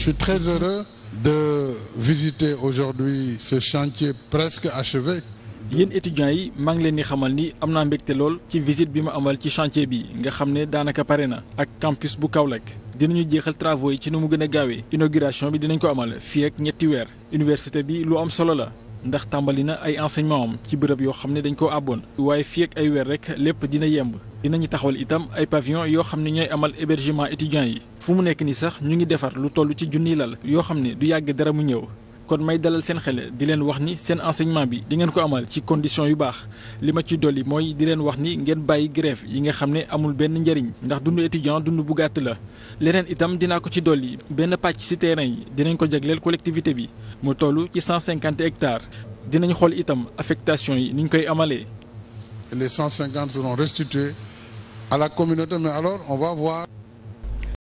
Je suis très heureux de visiter aujourd'hui ce chantier presque achevé. yéen étudiants yi maa ngi leen di xamal ni am naa mbégte lool ci visite bi ma amal ci chantier bi nga xam ne daanaka pare na ak campus bu Kaolack dinañu jeexal travaux yi ci nu mu gën a gaawee inauguration bi dinañ ko amal fii ñetti weer université bi lu am solo la ndax tàmbali na ay enseignement am ci bërëb yoo xam ne dañ ko àbboon waaye fii ay weer rek lépp dina yemb dinañu taxawal itam ay pavillon yoo xam ne ñooy amal hébergement étudiants yi fu mu nekk nii sax ñu ngi defar lu toll ci junniy lal yoo xam ne du yàgg dara mu ñëw kon may dalal seen xele di leen wax ni seen enseignement bi di ngeen ko amal ci condition yu baax li ma ci dolli mooy di leen wax ni ngeen bàyyi grève yi nga xam ne amul benn njëriñ ndax dund étudiant dund bu gàtt la. leneen itam dinaa ko ci dolli benn pàcc ci terrain yi dinañ ko jagleel collectivité bi mu tollu ci cent cinquante hectares dinañ xool itam affectation yi niñ koy amalee. les cent cinquante seront restitués à la communauté